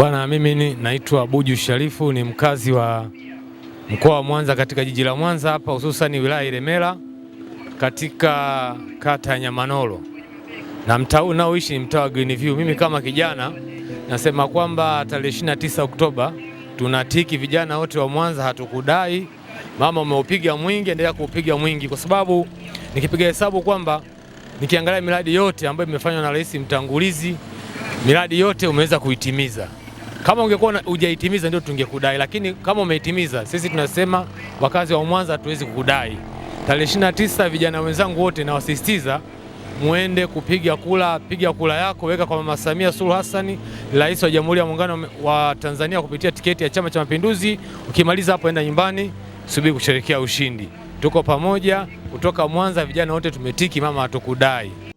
Bwana, mimi ni naitwa Buju Sharifu, ni mkazi wa mkoa wa Mwanza katika jiji la Mwanza hapa, hususani wilaya Ilemela katika kata ya Nyamanoro, na mtaa huu naoishi ni mtaa wa View. Mimi kama kijana nasema kwamba tarehe 29 Oktoba tunatiki, vijana wote wa Mwanza, hatukudai mama, umeupiga mwingi, endelea kuupiga mwingi, kwa sababu nikipiga hesabu kwamba nikiangalia miradi yote ambayo imefanywa na rais mtangulizi, miradi yote umeweza kuitimiza. Kama ungekuwa hujaitimiza ndio tungekudai, lakini kama umeitimiza, sisi tunasema wakazi wa Mwanza hatuwezi kukudai. Tarehe ishirini tisa vijana wenzangu wote nawasisitiza muende kupiga kula. Piga kula yako weka kwa Mama Samia Suluhu Hassan, rais wa Jamhuri ya Muungano wa Tanzania kupitia tiketi ya Chama cha Mapinduzi. Ukimaliza hapo, enda nyumbani, subiri kusherekea ushindi. Tuko pamoja kutoka Mwanza, vijana wote tumetiki, mama hatukudai.